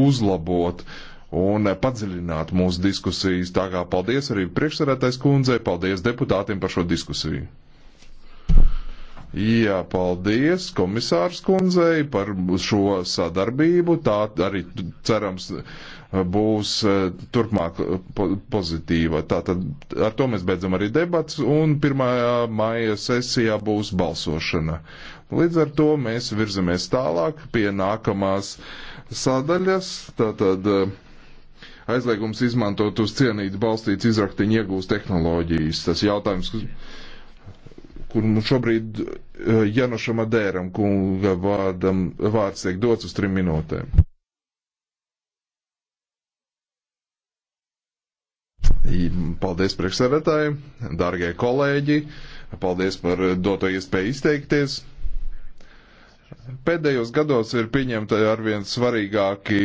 uzlabot un padziļināt mūsu diskusijas. Tā kā paldies arī priekšsarētais kundzei, paldies deputātiem par šo diskusiju. Jā, paldies komisārs kundzei par šo sadarbību. Tā arī cerams eh, būs eh, turpmāk eh, pozitīva. Tātad ar to mēs beidzam arī debats un 1. maija sesijā būs balsošana. Līdz ar to mēs virzamies tālāk pie nākamās sadaļas. Tātad, Aizliegums izmantot uz cienītu balstīts izraktiņu iegūst tehnoloģijas. Tas jautājums, kas kur nu šobrīd eh, Janošam Adēram kunga vārdam, vārds tiek dots uz trim minūtēm. Paldies priekšsēdētāji, dārgie kolēģi, paldies par doto iespēju izteikties. Pēdējos gados ir pieņemta arvien svarīgāki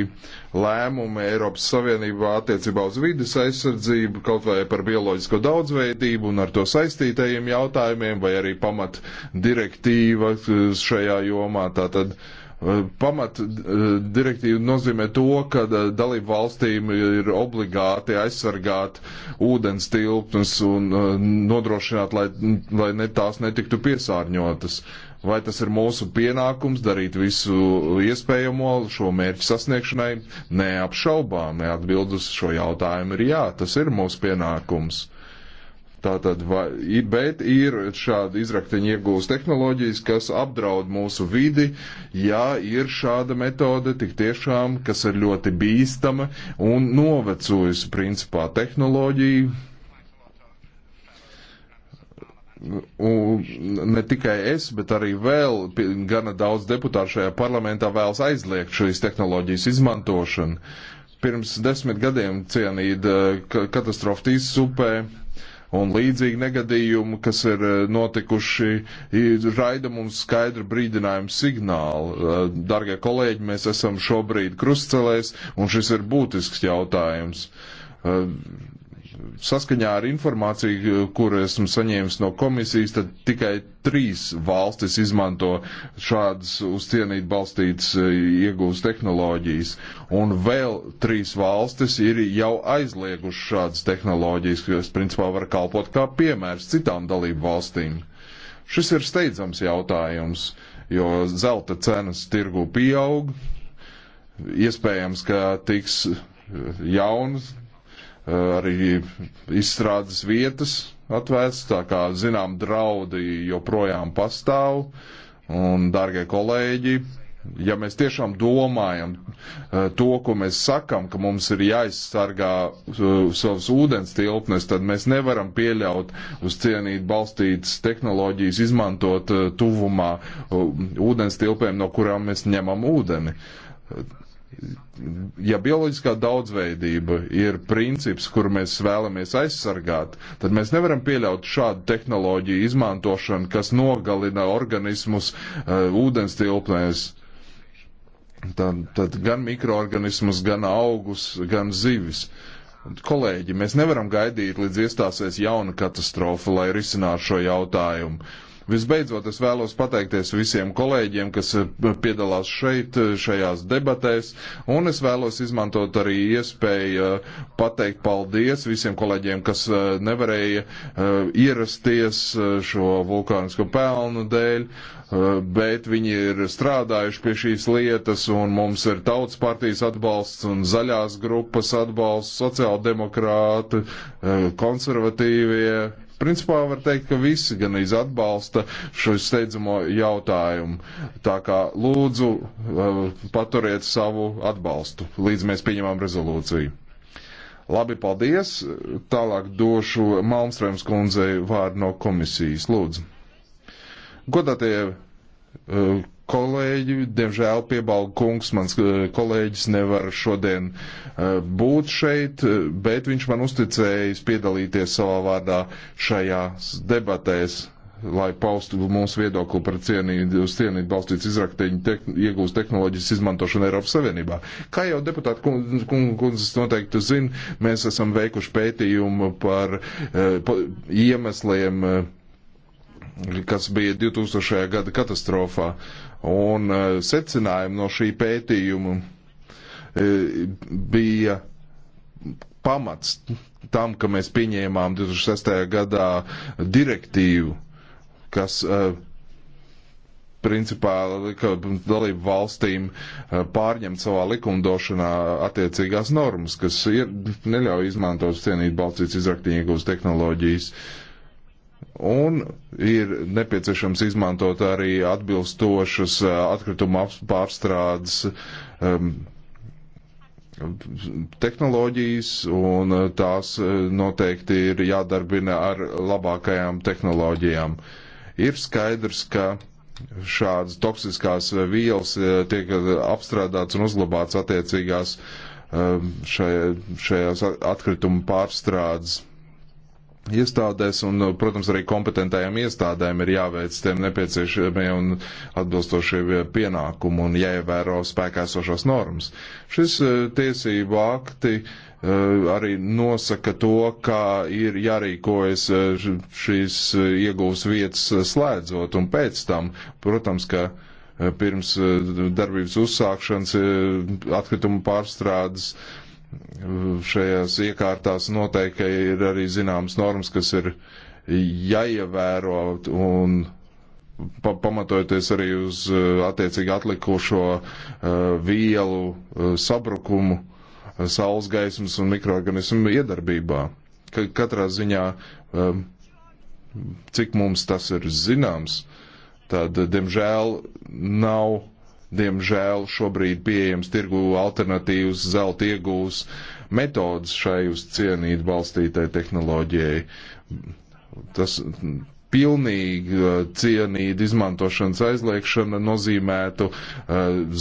lēmumi Eiropas Savienībā attiecībā uz vidas aizsardzību, kaut vai par bioloģisko daudzveidību un ar to saistītajiem jautājumiem, vai arī pamat direktīva eh, šajā jomā. Tātad eh, pamat eh, direktīva nozīmē to, ka dalību valstīm ir obligāti aizsargāt ūdens tilpnes un nodrošināt, lai, lai ne tās netiktu piesārņotas. Uh, Vai tas ir mūsu pienākums darīt visu iespējamo šo mērķu sasniegšanai? Neapšaubāmi atbild uz šo jautājumu ir jā, tas ir mūsu pienākums. Tātad, vai, ir, bet ir šāda izrakteņa iegūst tehnoloģijas, kas apdraud mūsu vidi, ja ir šāda metode tik tiešām, kas ir ļoti bīstama un novecojusi principā tehnoloģija, Un ne tikai es, bet arī vēl gana daudz deputātu šajā parlamentā vēlas aizliegt šīs tehnoloģijas izmantošanu. Pirms desmit gadiem cienīta katastrofa Tīsupē un līdzīgi negadījumi, kas ir eh, notikuši, raida mums skaidru brīdinājumu signālu. Eh, dargie kolēģi, mēs esam šobrīd krustcelēs, un šis ir būtisks jautājums eh, saskaņā ar informāciju, kur esmu saņēmis no komisijas, tad tikai trīs valstis izmanto šādas uz cienīt balstītas e, iegūst tehnoloģijas, un vēl trīs valstis ir jau aizlieguši šādas tehnoloģijas, kas principā var kalpot kā piemērs citām dalību valstīm. Šis ir steidzams jautājums, jo zelta cenas tirgu pieaug, iespējams, ka tiks e, jauns Eh, arī izstrādes vietas atvērts, tā kā zinām draudi joprojām pastāv. Un, dārgie kolēģi, ja mēs tiešām domājam eh, to, ko mēs sakam, ka mums ir jāizsargā eh, savas ūdens tilpnes, tad mēs nevaram pieļaut uz cienīt balstītas tehnoloģijas izmantot tuvumā ūdens tilpēm, no kurām mēs ņemam ūdeni ja bioloģiskā daudzveidība ir princips, kur mēs vēlamies aizsargāt, tad mēs nevaram pieļaut šādu tehnoloģiju izmantošanu, kas nogalina organismus uh, ūdens tilpnēs. Tad, tad gan mikroorganismus, gan augus, gan zivis. Kolēģi, mēs nevaram gaidīt, līdz iestāsies jauna katastrofa, lai risinātu šo jautājumu. Visbeidzot, es vēlos pateikties visiem kolēģiem, kas eh, piedalās šeit, eh, šajās debatēs, un es vēlos izmantot arī iespēju eh, pateikt paldies visiem kolēģiem, kas nevarēja ierasties šo vulkānisko pelnu dēļ, bet viņi ir strādājuši pie šīs lietas, un mums ir tautas partijas atbalsts un zaļās grupas atbalsts, sociāldemokrāti, konservatīvie Principā var teikt, ka visi gan iz atbalsta šo steidzamo jautājumu. Tā kā lūdzu eh, paturiet savu atbalstu, līdz mēs pieņemam rezolūciju. Labi, paldies. Tālāk došu Malmstrēms kundzei vārdu no komisijas. Lūdzu. Godātie uh, kolēģi. Diemžēl piebalga kungs, mans eh, kolēģis nevar šodien eh, būt šeit, eh, bet viņš man uzticējis piedalīties savā vārdā šajās debatēs lai paustu mūsu viedokli par cienību, uz cienību balstīts izrakteņu te, iegūst tehnoloģijas izmantošanu Eiropas Savienībā. Kā jau deputāti kundzes kund, kund, noteikti zina, mēs esam veikuši pētījumu par uh, pa, iemesliem uh, kas bija 2000. gada katastrofā. Un e, secinājumi no šī pētījuma e, bija pamats tam, ka mēs pieņēmām 2006. gadā direktīvu, kas e, principā lika dalību valstīm pārņemt savā likumdošanā attiecīgās normas, kas ir, neļauj izmantot cienīt balcīts izraktīgos tehnoloģijas. Uh, Un ir nepieciešams izmantot arī atbilstošas eh, atkrituma pārstrādes um, tehnoloģijas, un eh, tās eh, noteikti ir jādarbina ar labākajām tehnoloģijām. Ir skaidrs, ka šādas toksiskās vielas tiek apstrādāts un uzglabāts attiecīgās ehm, šajās atkrituma pārstrādes iestādēs un, uh, protams, arī kompetentajām iestādēm ir jāveic tiem nepieciešamie un atbilstošie uh, pienākumi un jāievēro spēkā esošās normas. Šis uh, tiesību akti arī nosaka to, kā ir jārīkojas šīs iegūs vietas slēdzot un pēc tam, protams, ka pirms darbības uzsākšanas atkrituma pārstrādes uh, šajās iekārtās noteikti ir arī zināmas normas, kas ir jāievēro un pa pamatojoties arī uz uh, attiecīgi atlikušo uh, vielu uh, sabrukumu saules gaismas un mikroorganismu iedarbībā. Katrā ziņā, um, cik mums tas ir zināms, tad, diemžēl, nav diemžēl šobrīd pieejams tirgu alternatīvas zelta iegūs metodas šai uz cienīt balstītai tehnoloģijai. Tas pilnīgi uh, cienīt izmantošanas aizliekšana nozīmētu uh,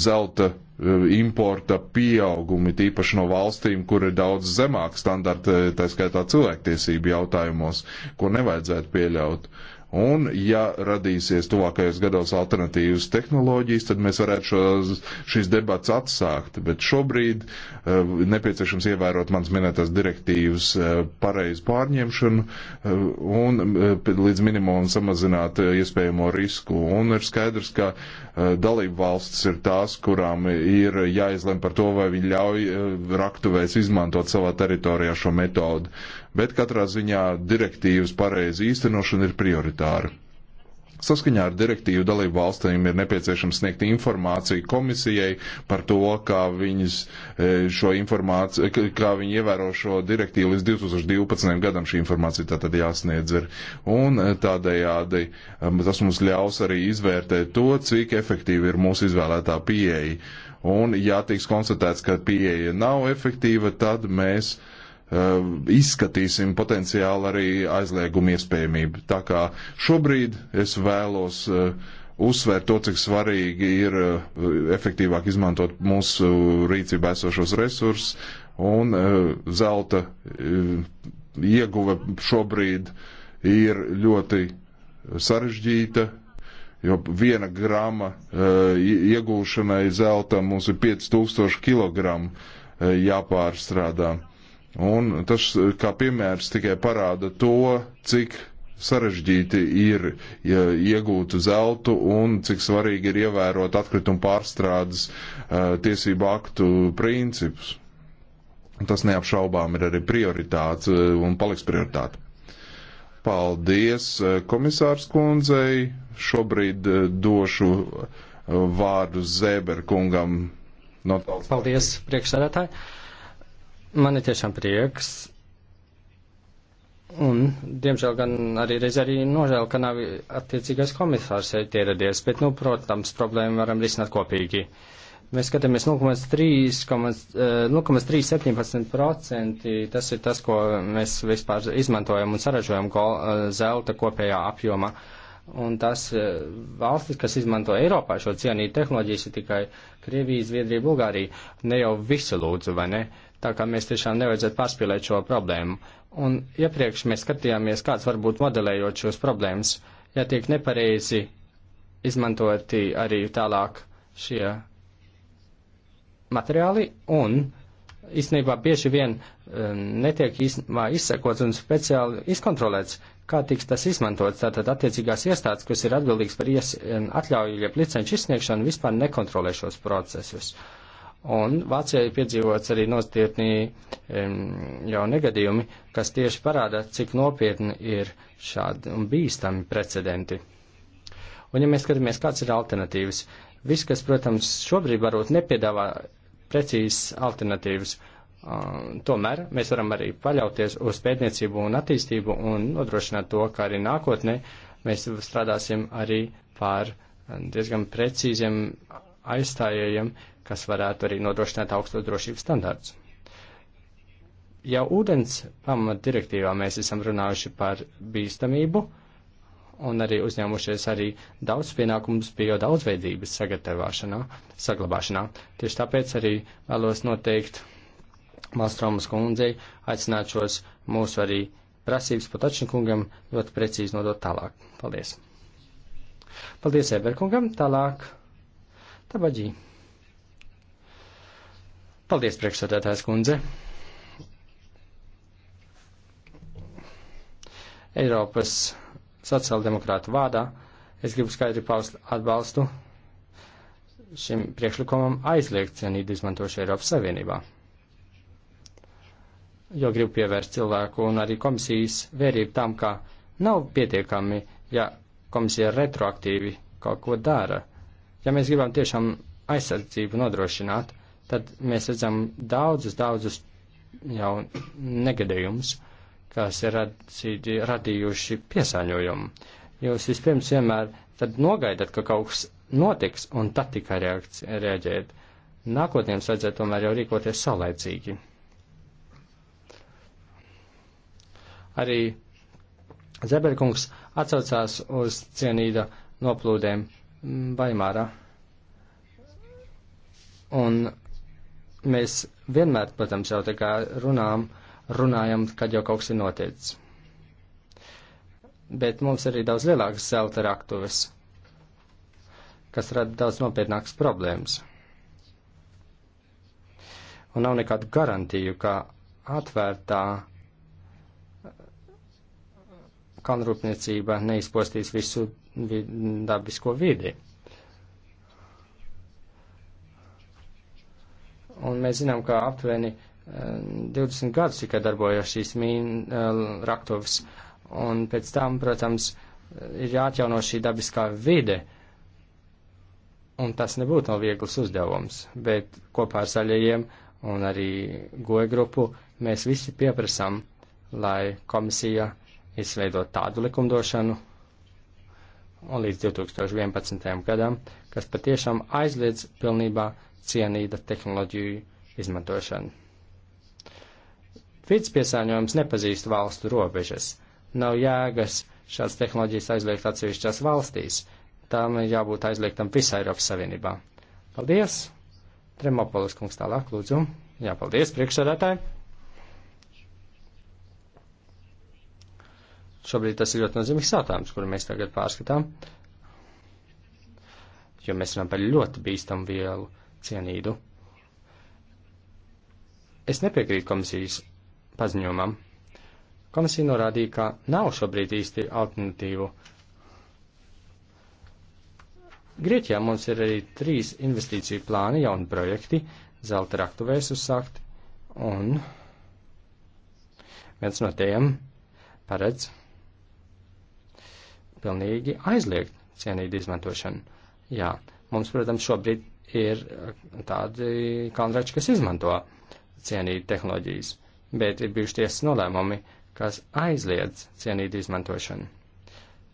zelta uh, importa pieaugumi, tīpaši no valstīm, kur ir daudz zemāk standarta, tā skaitā cilvēktiesību jautājumos, ko nevajadzētu pieļaut. Uh, Un, ja radīsies tuvākajos gados alternatīvas tehnoloģijas, tad mēs varētu šo, šīs debats atsākt. Bet šobrīd uh, nepieciešams ievērot mans minētās direktīvas uh, pareizu pārņemšanu uh, un uh, līdz minimumam samazināt uh, iespējamo risku. Un ir skaidrs, ka uh, dalību valstis ir tās, kurām ir jāizlem par to, vai viņi ļauj uh, raktuvēs izmantot savā teritorijā šo metodu. Uh, bet katrā ziņā direktīvas pareizi īstenošana ir prioritāra. Saskaņā ar direktīvu dalību valstīm ir nepieciešams sniegt informāciju komisijai par to, kā viņas e, šo informāciju, kā viņi ievēro šo direktīvu līdz 2012. gadam šī informācija tātad jāsniedz ir. Un e, tādējādi e, tas mums ļaus arī izvērtēt to, cik efektīvi ir mūsu izvēlētā pieeja. Un ja tiks konstatēts, ka pieeja nav efektīva, tad mēs uh, Ehm, izskatīsim potenciāli arī aizliegumu iespējamību. Tā kā šobrīd es vēlos eh, uzsvērt to, cik svarīgi ir eh, efektīvāk izmantot mūsu rīcībā esošos resursus un eh, zelta ieguve šobrīd ir ļoti sarežģīta, jo viena grama iegūšanai zelta mums ir 5000 kg jāpārstrādā. Un tas, kā piemērs, tikai parāda to, cik sarežģīti ir ja, iegūt zeltu un cik svarīgi ir ievērot atkritumu pārstrādes uh, tiesību aktu principus. Tas neapšaubām ir arī prioritāts uh, un paliks prioritāte. Paldies uh, komisārs kundzei. Šobrīd uh, došu uh, vārdu Zēberkungam. No Paldies, priekšsēdētāji. Uh, Man ir tiešām prieks. Un, diemžēl, gan arī reiz arī nožēl, ka nav attiecīgais komisārs šeit ieradies, bet, nu, protams, problēmu varam risināt kopīgi. Mēs skatāmies 0,317%, eh, tas ir tas, ko mēs vispār izmantojam un saražojam eh, zelta kopējā apjoma. Un tas eh, valstis, kas izmanto Eiropā šo cienītu tehnoloģiju, ir tikai Krievija, Zviedrija, Bulgārija, ne jau visi lūdzu, vai ne? Uh, tā kā mēs tiešām nevajadzētu pārspīlēt šo problēmu. Un iepriekš mēs skatījāmies, kāds var būt modelējot šos problēmas, ja tiek nepareizi izmantoti arī tālāk šie materiāli un īstenībā bieži vien um, netiek izsekots un speciāli izkontrolēts, kā tiks tas izmantots. Tātad attiecīgās iestādes, kas ir atbildīgs par ies, um, atļauju, ja licenču izsniegšanu, vispār nekontrolē šos procesus. Uh, Un Vācijā ir piedzīvots arī nostietnī jau negadījumi, kas tieši parāda, cik nopietni ir šādi un bīstami precedenti. Un ja mēs skatāmies, kāds ir alternatīvas, viss, kas, protams, šobrīd varbūt nepiedāvā precīzas alternatīvas, tomēr mēs varam arī paļauties uz pētniecību un attīstību un nodrošināt to, ka arī nākotnē mēs strādāsim arī pār diezgan precīziem aizstājējiem kas varētu arī nodrošināt augstos drošības standārts. Jau ūdens pamat direktīvā mēs esam runājuši par bīstamību un arī uzņēmušies arī daudz pienākumus bio daudzveidības sagatavošanā, saglabāšanā. Tieši tāpēc arī vēlos noteikt Malstromas kundzei aicināt šos mūsu arī prasības Potačnikungam ļoti precīzi nodot tālāk. Paldies! Paldies Eberkungam, tālāk Tabaģī. Paldies, priekšsēdētājs kundze. Eiropas sociāldemokrātu vārdā es gribu skaidri paust atbalstu šim priekšlikumam aizliegt cienītu izmantošu Eiropas Savienībā. Jo gribu pievērst cilvēku un arī komisijas vērību tam, ka nav pietiekami, ja komisija retroaktīvi kaut ko dara. Ja mēs gribam tiešām aizsardzību nodrošināt, tad mēs redzam daudzus, daudzus jau negadījumus, kas ir radījuši, radījuši piesāņojumu. Jūs vispirms vienmēr tad nogaidat, ka kaut kas notiks, un tad tikai reaģēt. Nākotnē jums vajadzētu tomēr jau rīkoties saulēcīgi. Arī Zeberkungs atsaucās uz cienīda noplūdēm Vaimārā. Un mēs vienmēr, protams, jau tā kā runām, runājam, kad jau kaut kas ir noticis. Bet mums ir arī daudz lielākas zelta raktuves, kas rada daudz nopietnākas problēmas. Un nav nekādu garantiju, ka atvērtā uh, kalnrūpniecība neizpostīs visu dabisko vidi. un mēs zinām, ka aptuveni 20 eh, gadus tikai darbojas šīs mīna eh, raktuves, un pēc tam, protams, eh, ir jāatjauno šī dabiskā vide, un tas nebūtu nav viegls uzdevums, bet kopā ar zaļajiem un arī goja grupu mēs visi pieprasām, lai komisija izveido tādu likumdošanu, un līdz 2011. gadam, kas patiešām aizliedz pilnībā cienīta tehnoloģiju izmantošana. Vides piesāņojums nepazīst valstu robežas. Nav jēgas šādas tehnoloģijas aizliegt atsevišķās valstīs. Tām ir jābūt aizliegtam visā Eiropas Savienībā. Paldies! Tremopolis kungs tālāk, lūdzu. Jā, paldies, priekšsēdētāji! Šobrīd tas ir ļoti nozīmīgs jautājums, kuru mēs tagad pārskatām, jo mēs runājam par ļoti bīstamu vielu cienīdu. Es nepiekrītu komisijas paziņojumam. Komisija norādīja, ka nav šobrīd īsti alternatīvu. Grieķijā mums ir arī trīs investīciju plāni, jauni projekti, zelta raktuvēs uzsākt, un viens no tiem paredz pilnīgi aizliegt cienīt izmantošanu. Jā, mums, protams, šobrīd ir uh, tādi kalnrači, kas izmanto cienīt tehnoloģijas, bet ir bijuši tiesas nolēmumi, kas aizliedz cienīt izmantošanu.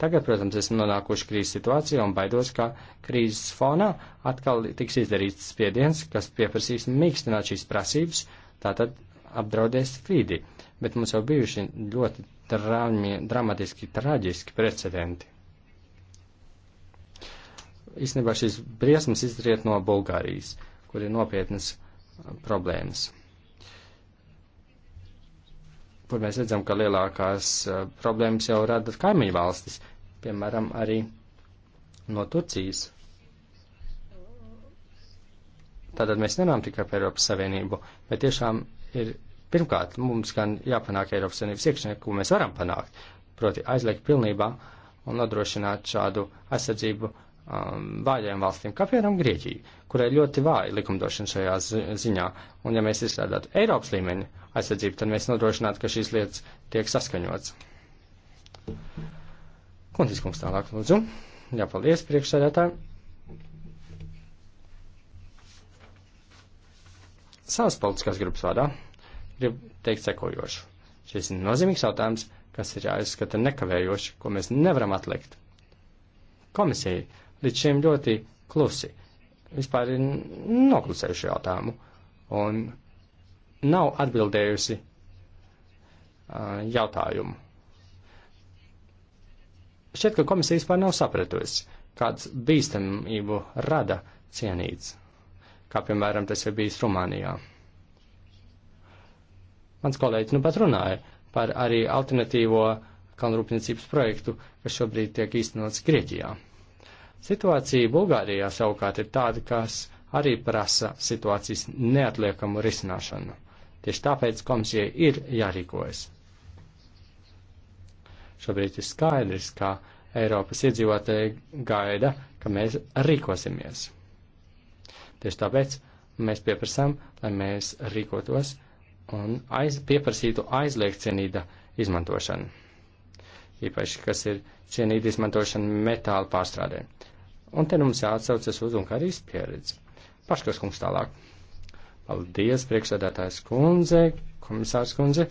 Tagad, protams, esmu nonākuši krīzes situācijā un baidos, ka krīzes fonā atkal tiks izdarīts spiediens, kas pieprasīs mīkstināt šīs prasības, tātad apdraudēs frīdi. Bet mums jau bijuši ļoti drāmi, dramatiski, traģiski precedenti īstenībā šīs briesmas izriet no Bulgārijas, kur ir nopietnas uh, problēmas. Kur mēs redzam, ka lielākās uh, problēmas jau rada kaimiņu valstis, piemēram, arī no Turcijas. Tātad mēs nenām tikai par Eiropas Savienību, bet tiešām ir pirmkārt mums gan jāpanāk Eiropas Savienības iekšņē, ko mēs varam panākt, proti aizliegt pilnībā un nodrošināt šādu aizsardzību um, vājajām valstīm, kā piemēram Grieķija, kurai ļoti vāja likumdošana šajā zi ziņā. Un ja mēs izstrādātu Eiropas līmeņa aizsardzību, tad mēs nodrošinātu, ka šīs lietas tiek saskaņots. Kontis kungs tālāk lūdzu. Jā, paldies priekšsēdētāji. Savas politiskās grupas vārdā gribu teikt sekojošu. Šis ir nozīmīgs jautājums, kas ir jāizskata nekavējoši, ko mēs nevaram atlikt. Komisija līdz šim ļoti klusi. Vispār ir noklusējuši jautājumu un nav atbildējusi uh, jautājumu. Šķiet, ka komisija vispār nav sapratusi, kāds bīstamību rada cienīts, kā piemēram tas ir bijis Rumānijā. Mans kolēģis nu pat runāja par arī alternatīvo kalnrūpniecības projektu, kas šobrīd tiek īstenots Grieķijā. Situācija Bulgārijā savukārt ir tāda, kas arī prasa situācijas neatliekamu risināšanu. Tieši tāpēc komisijai ir jārīkojas. Šobrīd ir skaidrs, ka Eiropas iedzīvotāji gaida, ka mēs rīkosimies. Tieši tāpēc mēs pieprasām, lai mēs rīkotos un aiz, pieprasītu aizliegt cienīda izmantošanu. Īpaši, kas ir cienīda izmantošana metāla pārstrādē. Un te nu mums jāatsaucas uz Ungārijas pieredzi. Paškas kungs tālāk. Paldies, priekšsēdētājs kundze, komisārs kundze,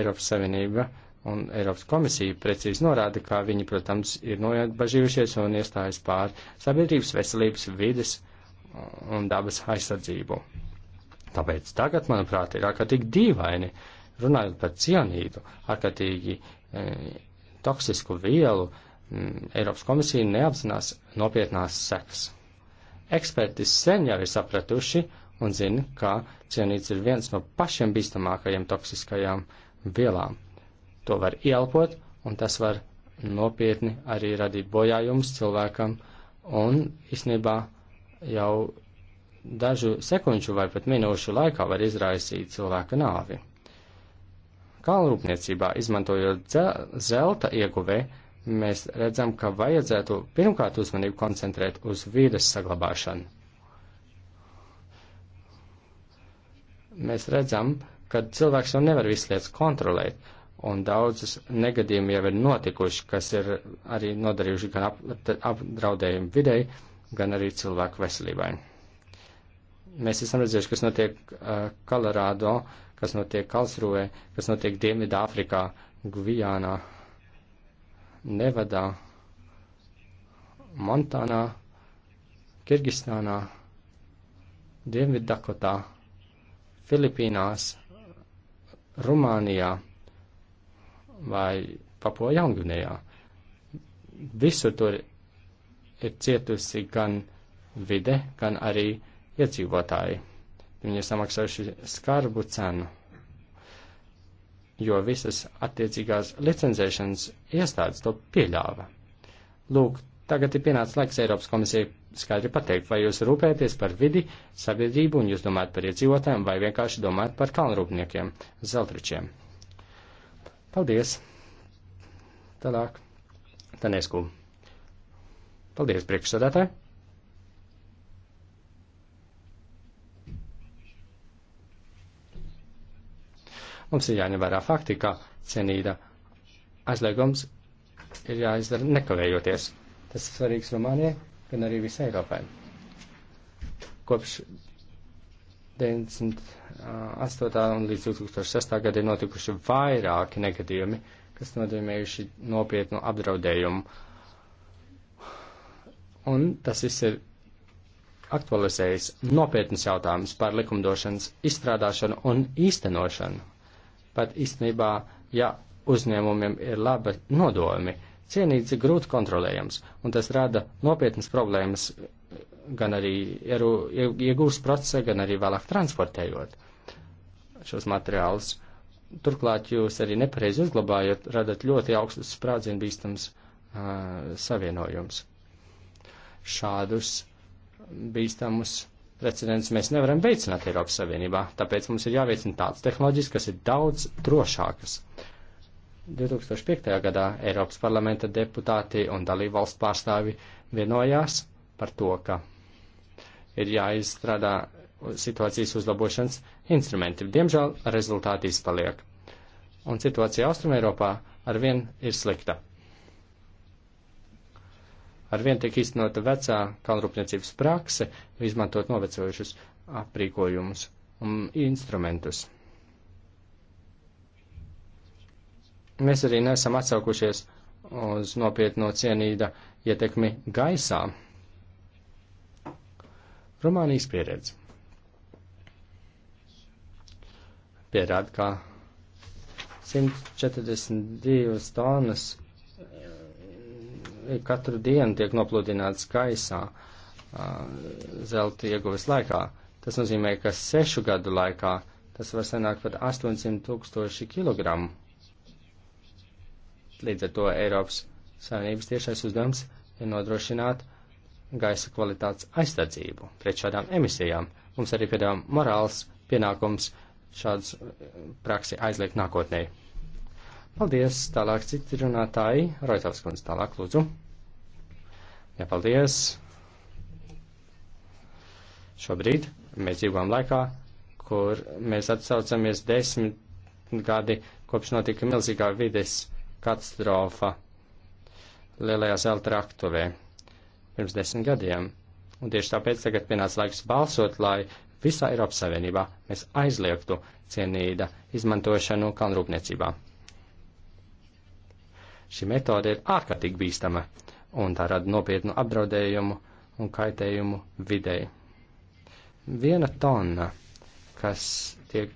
Eiropas Savienība un Eiropas komisija precīzi norāda, ka viņi, protams, ir nobažījušies un iestājas pār sabiedrības veselības vides un dabas aizsardzību. Tāpēc tagad, manuprāt, ir ārkārtīgi dīvaini, runājot par cianīdu, ārkārtīgi e, toksisku vielu, e, Eiropas komisija neapzinās nopietnās sekas. Eksperti sen jau ir sapratuši un zina, ka cienīts ir viens no pašiem bīstamākajiem toksiskajām vielām. To var ielpot, un tas var nopietni arī radīt bojājumus cilvēkam, un īsnībā jau dažu sekundžu vai pat minūšu laikā var izraisīt cilvēka nāvi. Kalnrūpniecībā, izmantojot zelta ieguvē, mēs redzam, ka vajadzētu pirmkārt uzmanību koncentrēt uz vīdes saglabāšanu. Mēs redzam, ka cilvēks jau nevar visu lietas kontrolēt, un daudzas negadījumi jau ir notikuši, kas ir arī nodarījuši gan ap, apdraudējumu videi, gan arī cilvēku veselībai. Mēs esam redzējuši, kas notiek uh, Kolorādo, kas notiek Kalsrūvē, kas notiek Dienvidā Afrikā, Gvijānā, Nevadā, Montānā, Kirgistānā, Dienviddakotā, Filipīnās, Rumānijā vai Papo Jaungvinējā. Visur tur ir cietusi gan vide, gan arī iedzīvotāji. Viņi ir samaksājuši skarbu cenu jo visas attiecīgās licencēšanas iestādes to pieļāva. Lūk, tagad ir pienācis laiks Eiropas komisijai skaidri pateikt, vai jūs rūpēties par vidi, sabiedrību un jūs domājat par iedzīvotājiem vai vienkārši domājat par kalnrūpniekiem, zeltričiem. Paldies! Tālāk. Tanēsku. Paldies, priekšsādātāji! Mums ir jāņem vērā fakti, ka cenīda aizliegums ir jāizdara nekavējoties. Tas ir svarīgs Rumānijai, gan arī visai Eiropai. Kopš 98. līdz 2006. gada ir notikuši vairāki negadījumi, kas nozīmējuši nopietnu apdraudējumu. Un tas viss ir aktualizējis nopietnas jautājumas par likumdošanas izstrādāšanu un īstenošanu. Pat īstenībā, ja uzņēmumiem ir labi nodojumi, cienīts ir grūti kontrolējams, un tas rada nopietnas problēmas gan arī iegūst procesā, gan arī vēlāk transportējot šos materiālus. Turklāt jūs arī nepareizi uzglabājot, radat ļoti augstus sprādzienu bīstams uh, savienojums. Šādus bīstamus precedents mēs nevaram veicināt Eiropas Savienībā, tāpēc mums ir jāveicina tādas tehnoloģijas, kas ir daudz drošākas. 2005. gadā Eiropas parlamenta deputāti un dalību valstu pārstāvi vienojās par to, ka ir jāizstrādā situācijas uzlabošanas instrumenti. Diemžēl rezultāti izpaliek. Un situācija Austrumēropā arvien ir slikta arvien tiek īstenota vecā kalnrūpniecības prakse, izmantot novecojušus aprīkojumus un instrumentus. Mēs arī nesam atsaukušies uz nopietno cienīda ietekmi gaisā. Rumānijas pieredze pierāda, ka 142 tonnas katru dienu tiek nopludināts gaisā zelta ieguves laikā. Tas nozīmē, ka sešu gadu laikā tas var sanākt pat 800 tūkstoši kilogramu. Līdz ar to Eiropas Savienības tiešais uzdevums ir nodrošināt gaisa kvalitātes aizsardzību pret šādām emisijām. Mums arī piedāvā morāls pienākums šādas praksi aizliegt nākotnēji. Paldies, tālāk citi runātāji. Roitovs kundze, tālāk lūdzu. Jā, paldies. Šobrīd mēs dzīvojam laikā, kur mēs atsaucamies desmit gadi, kopš notika milzīgā vides katastrofa lielajā zelta raktuvē pirms desmit gadiem. Un tieši tāpēc tagad pienāca laiks balsot, lai visā Eiropas Savienībā mēs aizliegtu cienīda izmantošanu kalnrūpniecībā. Šī metode ir ārkārtīgi bīstama un tā rada nopietnu apdraudējumu un kaitējumu videi. Viena tonna, kas tiek.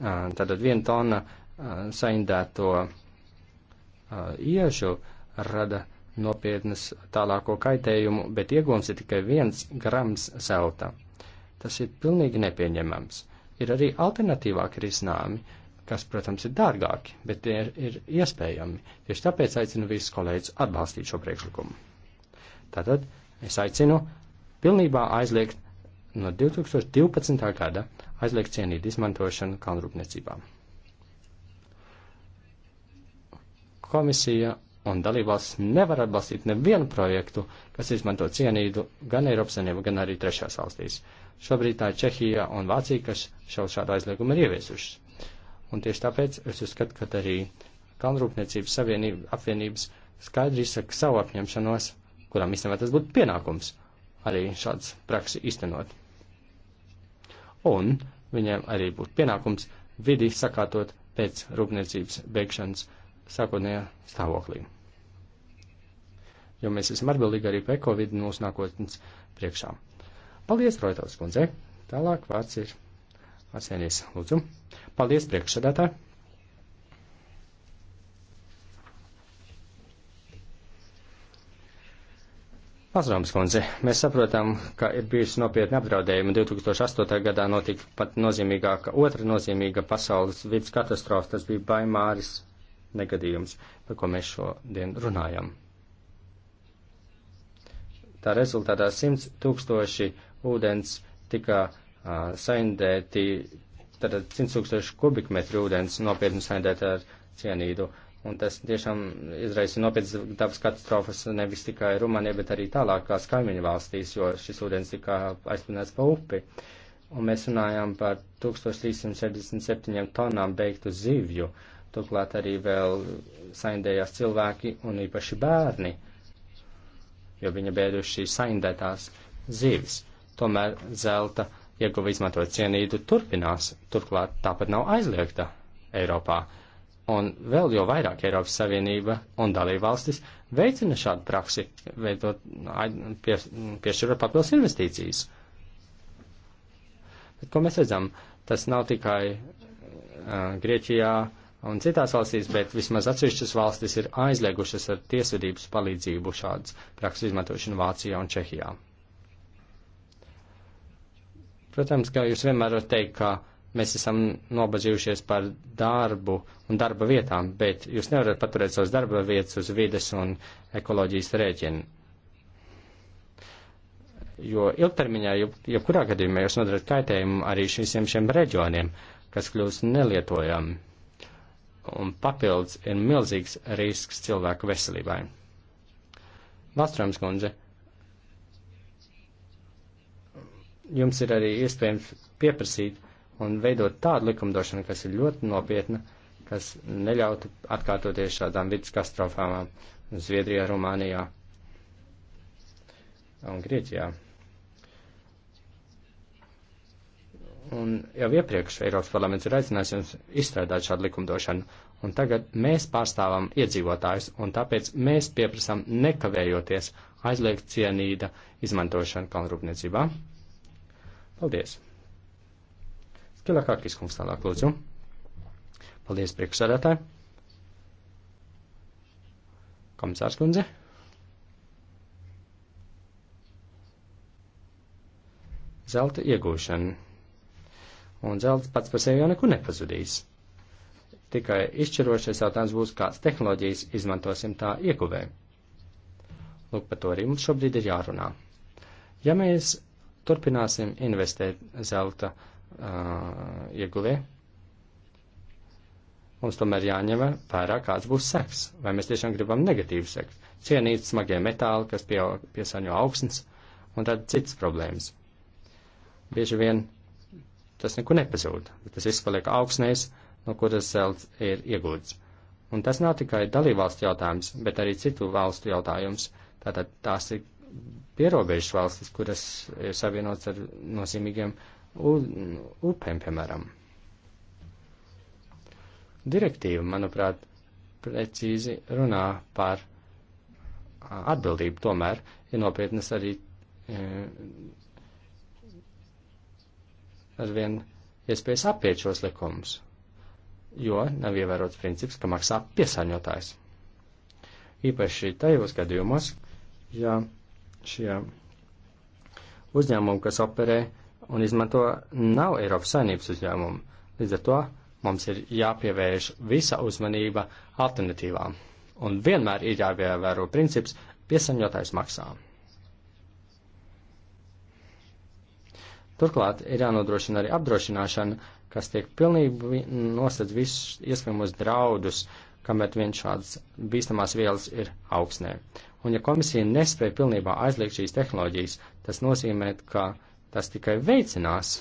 Tātad viena tonna saindēto iežu rada nopietnas tālāko kaitējumu, bet iegūms ir tikai viens grams zelta. Tas ir pilnīgi nepieņemams. Ir arī alternatīvāki risinājumi, kas, protams, ir dārgāki, bet tie ir iespējami. Tieši tāpēc aicinu visus kolēģus atbalstīt šo priekšlikumu. Tātad es aicinu pilnībā aizliegt no 2012. gada aizliegt cienīt izmantošanu kalnrūpniecībā. Komisija un dalībvalsts nevar atbalstīt nevienu projektu, kas izmanto cienīdu gan Eiropas Savienībā, gan arī trešās valstīs. Šobrīd tā ir Čehija un Vācija, kas šau šādu aizliegumu ir ieviesušas. Un tieši tāpēc es uzskatu, ka arī Kalnrūpniecības savienība, apvienības skaidri izsaka savu apņemšanos, kurām īstenībā tas būtu pienākums arī šāds praksi iztenot. Un viņiem arī būtu pienākums vidi sakārtot pēc rūpniecības beigšanas sākotnējā stāvoklī. Jo mēs esam atbildīgi arī par ekovidu mūsu nākotnes priekšā. Paldies, Roitovs kundzei! Tālāk vārds ir Arsenijas Lūdzu. Paldies, priekšsēdētāji! Pazrāms kundze, mēs saprotam, ka ir bijusi nopietna apdraudējuma. 2008. gadā notika pat nozīmīgāka, otra nozīmīga pasaules vidas katastrofa. Tas bija Baimāris negadījums, par ko mēs šodien runājam. Tā rezultātā 100 tūkstoši ūdens tika uh, saindēti tad 100 tūkstoši kubikmetru ūdens nopietni saindēt ar cienīdu. Un tas tiešām izraisa nopietnas dabas katastrofas nevis tikai Rumānijā, bet arī tālākās kaimiņu valstīs, jo šis ūdens tika aizpildīts pa upi. Un mēs runājām par 1367 tonām beigtu zivju. Turklāt arī vēl saindējās cilvēki un īpaši bērni, jo viņi bēduši saindētās zivis. Tomēr zelta ieguva izmantot cienīdu turpinās, turklāt tāpat nav aizliegta Eiropā. Un vēl jau vairāk Eiropas Savienība un dalībvalstis veicina šādu praksi, veidot, pie, piešķirot papildus investīcijas. Bet ko mēs redzam, tas nav tikai uh, Grieķijā un citās valstīs, bet vismaz atsevišķas valstis ir aizliegušas ar tiesvedības palīdzību šādas prakses izmantošanu Vācijā un Čehijā. Protams, ka jūs vienmēr varat teikt, ka mēs esam nobažījušies par darbu un darba vietām, bet jūs nevarat paturēt savus darba vietas uz vides un ekoloģijas rēķinu. Jo ilgtermiņā, jebkurā gadījumā, jūs nodarat kaitējumu arī visiem šiem reģioniem, kas kļūst nelietojami. Un papildus ir milzīgs risks cilvēku veselībai. Valstrāms kundze, jums ir arī iespējams pieprasīt un veidot tādu likumdošanu, kas ir ļoti nopietna, kas neļautu atkārtoties šādām vidas katastrofām Zviedrijā, Rumānijā un Grieķijā. Un jau iepriekš Eiropas parlaments ir aicinājis jums izstrādāt šādu likumdošanu, un tagad mēs pārstāvam iedzīvotājus, un tāpēc mēs pieprasām nekavējoties aizliegt cienīda izmantošanu kalnrūpniecībā. Paldies! Skilakakis kungs tālāk lūdzu. Paldies, priekšsēdētāji. Komisārs kundze. Zelta iegūšana. Un zelts pats par sevi jau nekur nepazudīs. Tikai izšķirošais jautājums būs, kādas tehnoloģijas izmantosim tā ieguvē. Lūk, par to arī mums šobrīd ir jārunā. Ja mēs Turpināsim investēt zelta uh, ieguvē. Mums tomēr jāņem vērā, kāds būs seks. Vai mēs tiešām gribam negatīvu seksu? Cienīt smagie metāli, kas pie, piesaņo augsnes, un tad citas problēmas. Bieži vien tas neko nepazūd, bet tas viss paliek augsnēs, no kuras zelts ir iegūts. Un tas nav tikai dalībvalstu jautājums, bet arī citu valstu jautājums. Tātad tās ir pierobežas valstis, kuras ir savienotas ar nozīmīgiem upēm, piemēram. Direktīva, manuprāt, precīzi runā par atbildību, tomēr ir nopietnas arī e, arvien iespējas apiet šos likumus, jo nav ievērots princips, ka maksā piesārņotājs. Īpaši tajos gadījumos, ja šie uzņēmumi, kas operē un izmanto, nav Eiropas saimnības uzņēmumi. Līdz ar to mums ir jāpievērš visa uzmanība alternatīvām. Un vienmēr ir jāievēro princips piesaņotājs maksā. Turklāt ir jānodrošina arī apdrošināšana, kas tiek pilnībā nosedz visus iespējamos draudus uh, kamēr vien šādas bīstamās vielas ir augsnē. Un ja komisija nespēja pilnībā aizliegt šīs tehnoloģijas, tas nozīmē, ka tas tikai veicinās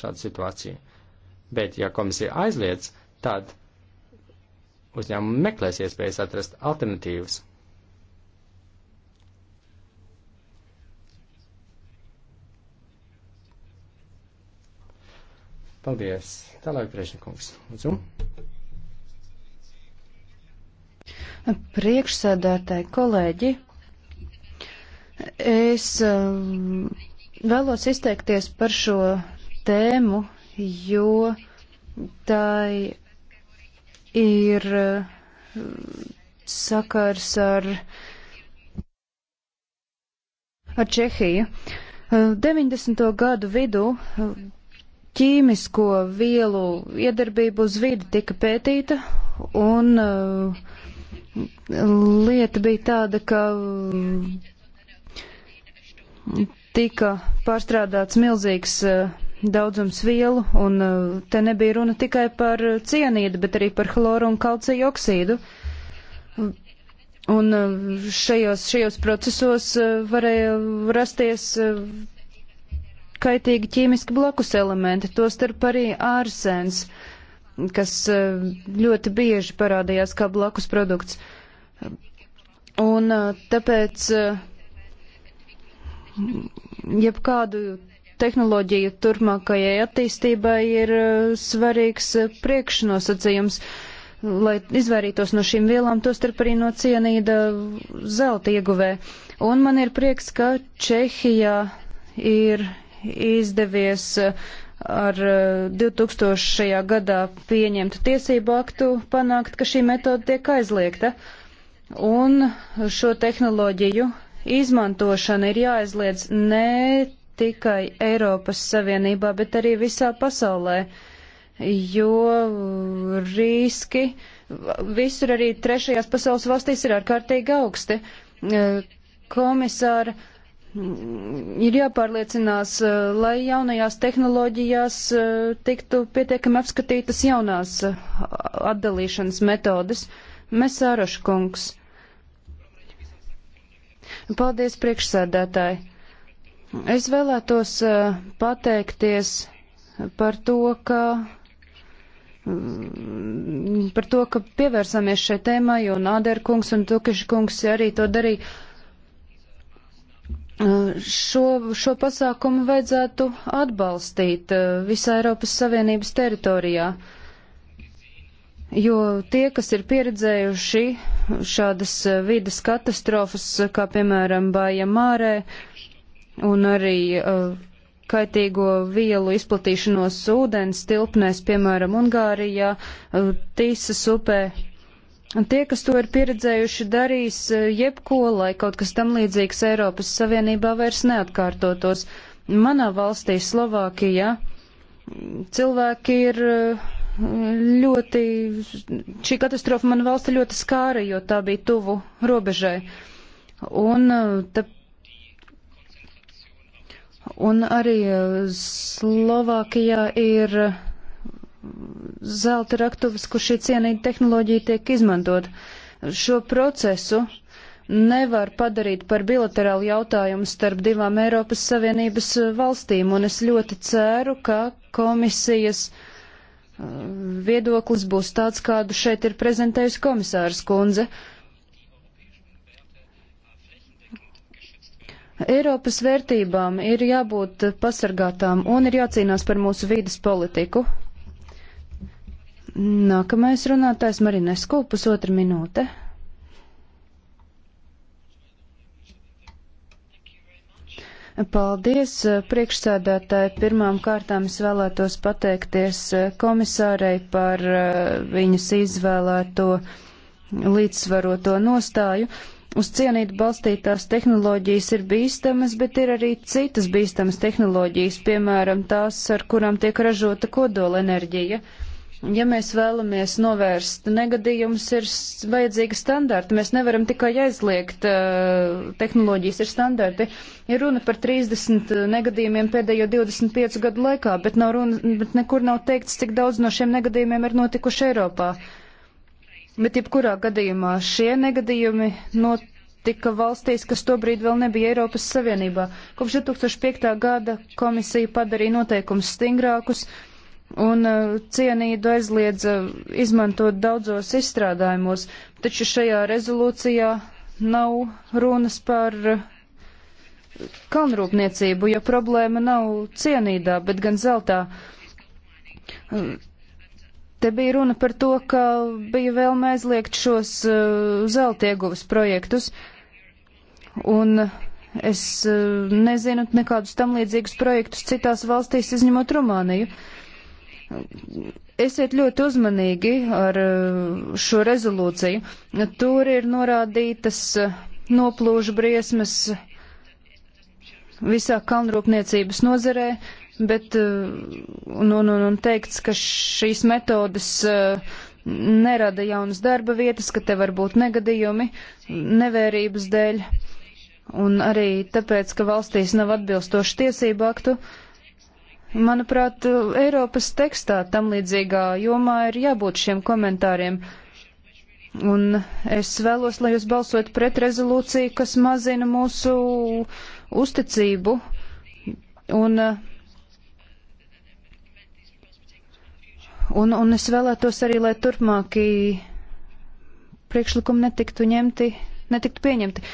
šādu situāciju. Bet, ja komisija aizliedz, tad uzņēmumi meklēs iespējas atrast alternatīvas. Paldies. Tālāk, priekšnikungs. Lūdzu. Priekšsēdētāji, kolēģi, es um, vēlos izteikties par šo tēmu, jo tai ir uh, sakars ar, ar Čehiju. 90. Uh, gadu vidu uh, ķīmisko vielu iedarbība uz vidi tika pētīta un uh, lieta bija tāda, ka mm, tika pārstrādāts milzīgs eh, daudzums vielu, un eh, te nebija runa tikai par cianīdu, bet arī par chloru un kalciju oksīdu. Un eh, šajos, šajos procesos varēja rasties kaitīgi ķīmiski blakus elementi, tostarp arī ārsens. Uh, kas e, ļoti bieži parādījās kā blakus produkts. Un e, tāpēc e, jebkādu tehnoloģiju turpmākajai attīstībai ir svarīgs priekšnosacījums, lai izvairītos no šīm vielām, tostarp arī no cienīda zelta ieguvē. Un man ir prieks, ka Čehijā ir izdevies uh, ar 2000. Eh, gadā pieņemtu tiesību aktu panākt, ka šī metode tiek aizliegta. Un šo tehnoloģiju izmantošana ir jāaizliedz ne tikai Eiropas Savienībā, bet arī visā pasaulē, jo riski visur arī trešajās pasaules valstīs ir ārkārtīgi augsti. Eh, komisāra ir jāpārliecinās, eh, lai jaunajās tehnoloģijās eh, tiktu pietiekami apskatītas jaunās eh, atdalīšanas metodes. Mesāraša kungs. Paldies, priekšsēdētāji. Es vēlētos pateikties par to, ka mm, par to, ka pievērsāmies šai tēmai, un Ādēra kungs un Tukeša kungs arī to darīja. Šo, šo pasākumu vajadzētu atbalstīt uh, visā Eiropas Savienības teritorijā, jo tie, kas ir pieredzējuši šādas uh, vidas katastrofas, uh, kā piemēram Bāja Mārē un arī kaitīgo vielu izplatīšanos ūdens tilpnēs, piemēram, Ungārijā, Tīsas upē, Tie, kas to ir pieredzējuši, darīs e, jebko, lai kaut kas tam līdzīgs Eiropas Savienībā vairs neatkārtotos. Manā valstī, Slovākijā, cilvēki ir e, ļoti, šī katastrofa man valsti ļoti skāra, jo tā bija tuvu robežai. Un, e, tā, un arī Slovākijā ir zelta raktuves, kur šī cienīta tehnoloģija tiek izmantot. Šo procesu nevar padarīt par bilaterālu jautājumu starp divām Eiropas Savienības uh, valstīm, un es ļoti ceru, ka komisijas uh, viedoklis būs tāds, kādu šeit ir prezentējusi komisārs kundze. Eiropas vērtībām ir jābūt pasargātām un ir jācīnās par mūsu vīdas politiku. Nākamais runātājs Marinesku, pusotra minūte. Paldies, priekšsēdētāji. Pirmām kārtām es vēlētos pateikties komisārei par eh, viņas izvēlēto līdzsvaroto nostāju. Uz cienītu balstītās tehnoloģijas ir bīstamas, bet ir arī citas bīstamas tehnoloģijas, piemēram, tās, ar kurām tiek ražota kodolenerģija. enerģija. Ja mēs vēlamies novērst negadījumus, ir vajadzīga standarta. Mēs nevaram tikai aizliegt uh, tehnoloģijas, ir standarti. Ir runa par 30 negadījumiem pēdējo 25 gadu laikā, bet, nav runa, bet nekur nav teikts, cik daudz no šiem negadījumiem ir notikuši Eiropā. Bet jebkurā gadījumā šie negadījumi not tika valstīs, kas tobrīd vēl nebija Eiropas Savienībā. Kopš 2005. gada komisija padarīja noteikumus stingrākus, un uh, cienīdu aizliedza izmantot daudzos izstrādājumos, taču šajā rezolūcijā nav runas par uh, kalnrūpniecību, jo problēma nav cienīdā, bet gan zeltā. Uh, te bija runa par to, ka bija vēlme aizliegt šos zelta ieguves projektus, un es nezinu nekādus tam līdzīgus projektus citās valstīs, izņemot Rumāniju. Uh, Esiet ļoti uzmanīgi ar eh, šo rezolūciju. Tur ir norādītas eh, noplūžu briesmas visā kalnrūpniecības nozarē, bet eh, un, un, un teikts, ka šīs metodas nerada jaunas darba vietas, ka te var būt negadījumi nevērības dēļ un arī tāpēc, ka valstīs nav atbilstoši tiesību aktu. Uh, Manuprāt, Eiropas tekstā tam līdzīgā jomā ir jābūt šiem komentāriem. Un es vēlos, lai jūs balsot pret rezolūciju, kas mazina mūsu uzticību. Un, un, un es vēlētos arī, lai turpmākie priekšlikumi netiktu ņemti, netiktu pieņemti.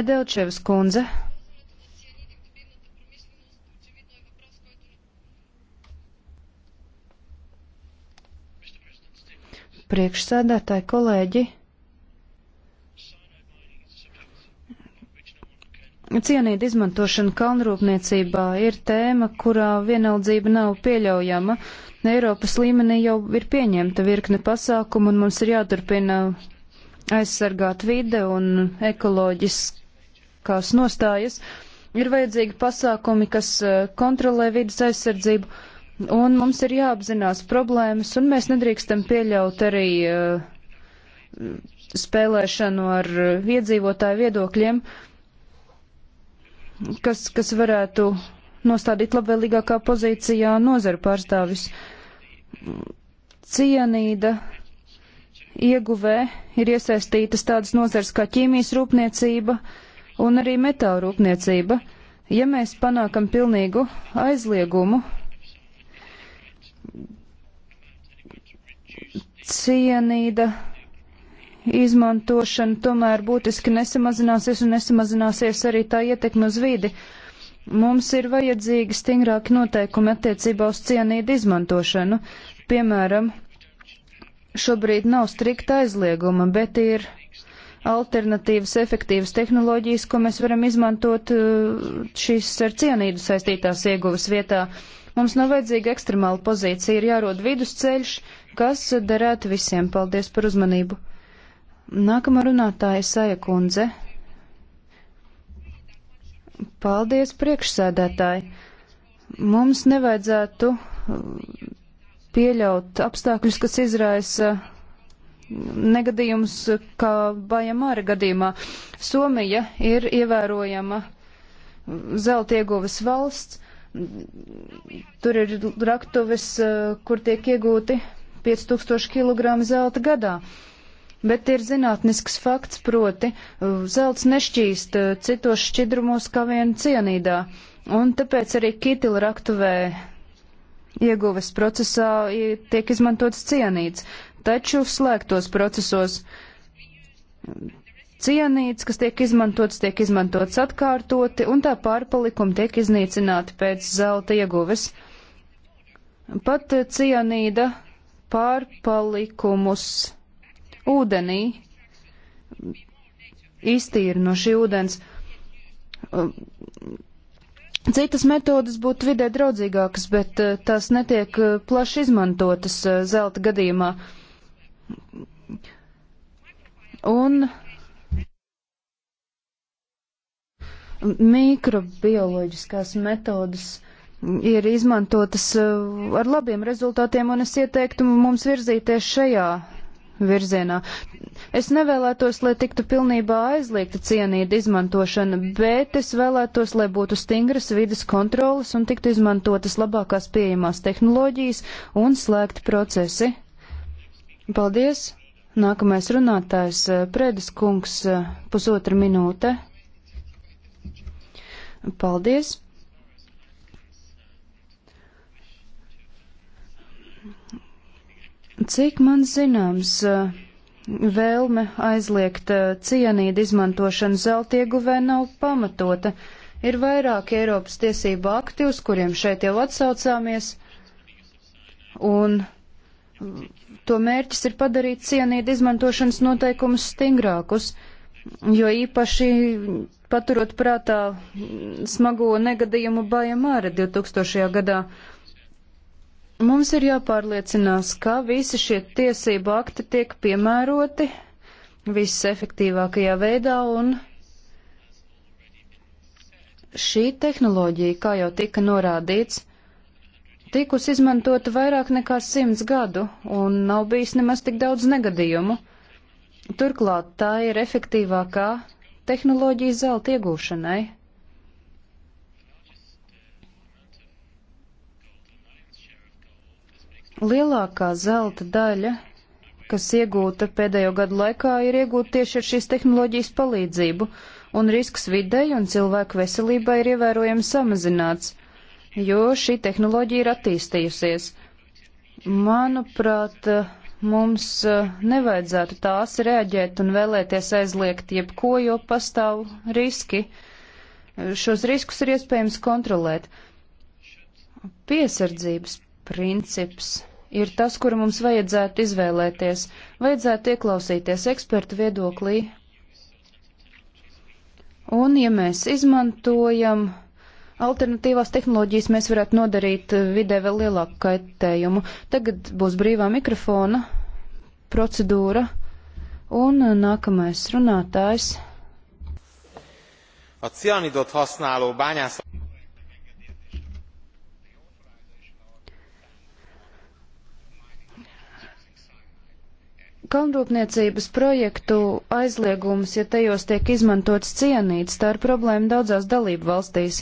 Nedelčevas kundze. priekšsēdētāji, kolēģi. Cienīta izmantošana kalnrūpniecībā ir tēma, kurā vienaldzība nav pieļaujama. Eiropas līmenī jau ir pieņemta virkne pasākumu, un mums ir jāturpina aizsargāt vide un ekoloģiskās nostājas. Ir vajadzīgi pasākumi, kas eh, kontrolē vidas aizsardzību un mums ir jāapzinās problēmas, un mēs nedrīkstam pieļaut arī eh, spēlēšanu ar iedzīvotāju viedokļiem, kas, kas varētu nostādīt labvēlīgākā pozīcijā nozaru pārstāvis. Cienīda ieguvē ir iesaistītas tādas nozars kā ķīmijas rūpniecība un arī metāla rūpniecība. Ja mēs panākam pilnīgu aizliegumu cienīda izmantošana tomēr būtiski nesamazināsies un nesamazināsies arī tā ietekme uz vidi. Mums ir vajadzīgi stingrāki noteikumi attiecībā uz cienīdu izmantošanu. Piemēram, šobrīd nav strikta aizlieguma, bet ir alternatīvas efektīvas tehnoloģijas, ko mēs varam izmantot eh, šīs ar cienīdu saistītās ieguvas vietā. Mums nav vajadzīga ekstremāla pozīcija, ir jārod vidusceļš, kas derētu visiem. Paldies par uzmanību. Nākamā runātāja Saja Kundze. Paldies, priekšsēdētāji. Mums nevajadzētu uh, pieļaut apstākļus, kas izraisa uh, negadījums, kā Bajamāra gadījumā. Somija ir ievērojama uh, zelta ieguves valsts. Tur ir raktuves, kur tiek iegūti 5000 kg zelta gadā. Bet ir zinātnisks fakts, proti, zelts nešķīst eh, citos šķidrumos kā vien cienīdā, un tāpēc arī kitilraktuvē ieguves procesā tiek izmantots cienīts, taču slēgtos procesos cienīts, kas tiek izmantots, tiek izmantots atkārtoti, un tā pārpalikumi tiek iznīcināti pēc zelta ieguves. Pat cienīda pārpalikumus ūdenī, iztīra no šī ūdens. Citas metodas būtu vidē draudzīgākas, bet eh, tās netiek eh, plaši izmantotas eh, zelta gadījumā. Un mikrobioloģiskās metodas uh, ir izmantotas uh, ar labiem rezultātiem, un es ieteiktu mums virzīties šajā virzienā. Es nevēlētos, lai tiktu pilnībā aizliegta cienīta izmantošana, bet es vēlētos, lai būtu stingras vidas kontrolas un tiktu izmantotas labākās pieejamās tehnoloģijas un slēgti procesi. Paldies! Nākamais runātājs uh, Prēdes kungs, uh, pusotra minūte. Paldies! Cik man zināms, eh, vēlme aizliegt eh, cienīdu izmantošanu zelta ieguvē nav pamatota. Ir vairāki Eiropas tiesību akti, uz kuriem šeit jau atsaucāmies, un to mērķis ir padarīt cienīdu izmantošanas noteikumus stingrākus, jo īpaši paturot prātā smago negadījumu Bajamāra 2000. gadā. Mums ir jāpārliecinās, ka visi šie tiesību akti tiek piemēroti visefektīvākajā veidā un šī tehnoloģija, kā jau tika norādīts, tikus izmantota vairāk nekā simts gadu un nav bijis nemaz tik daudz negadījumu. Turklāt tā ir efektīvākā tehnoloģija zelta iegūšanai. Lielākā zelta daļa, kas iegūta pēdējo gadu laikā, ir iegūta tieši ar šīs tehnoloģijas palīdzību, un risks videi un cilvēku veselībai ir ievērojami samazināts, jo šī tehnoloģija ir attīstījusies. Manuprāt, mums eh, nevajadzētu tās reaģēt un vēlēties aizliegt jebko, jo pastāv riski. Šos riskus ir iespējams kontrolēt. Piesardzības princips ir tas, kuru mums vajadzētu izvēlēties. Vajadzētu ieklausīties ekspertu viedoklī. Un, ja mēs izmantojam alternatīvās tehnoloģijas, mēs varētu nodarīt vidē vēl lielāku kaitējumu. Tagad būs brīvā mikrofona procedūra. Un nākamais runātājs. A cianidot használó bányászat. Kalnrūpniecības projektu aizliegums, ja tajos tiek izmantots cianīts, tā ir problēma daudzās dalību valstīs,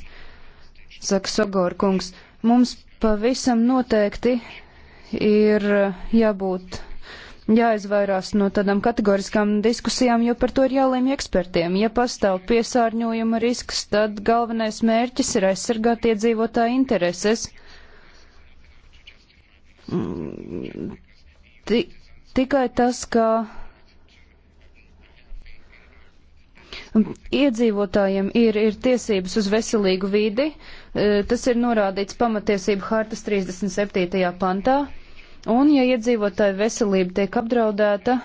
saka Sogorkungs. Mums pavisam noteikti ir uh, jābūt, jāizvairās no tādām kategoriskām diskusijām, jo par to ir jālēmj ekspertiem. Ja pastāv piesārņojuma risks, tad galvenais mērķis ir aizsargāt iedzīvotāju intereses. Mm, ti tikai tas, ka iedzīvotājiem ir, ir tiesības uz veselīgu vidi. E, tas ir norādīts pamatiesību hartas 37. pantā. Un, ja iedzīvotāju veselība tiek apdraudēta,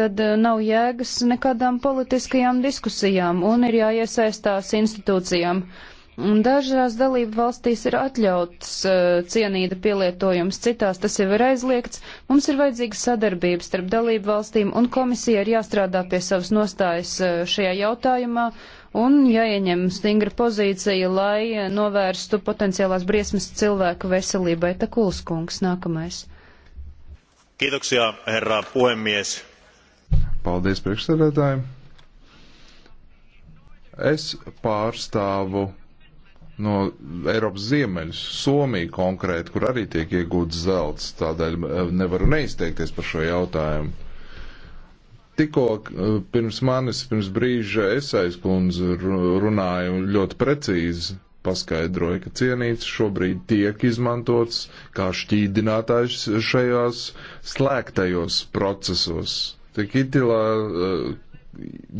tad e, nav jēgas nekādām politiskajām diskusijām un ir jāiesaistās institūcijām. Uh, Dažās dalību valstīs ir atļauts uh, cienīda pielietojums, citās tas jau ir aizliegts. Mums ir vajadzīga sadarbība starp dalību valstīm, un komisija ir jāstrādā pie savas nostājas uh, šajā jautājumā, un jāieņem stingra pozīcija, lai uh, novērstu potenciālās briesmas cilvēku veselībai. Takuls kungs, nākamais. Kiitoksia, herra puhemies. Paldies priekšsēdētājiem. Es pārstāvu no Eiropas ziemeļus, Somiju konkrēti, kur arī tiek iegūts zelts. Tādēļ eh, nevaru neizteikties par šo jautājumu. Tikko eh, pirms manis, pirms brīža esais kundze runāja ļoti precīzi paskaidroja, ka cienīts šobrīd tiek izmantots kā šķīdinātājs šajās slēgtajos procesos. Tik itilā eh,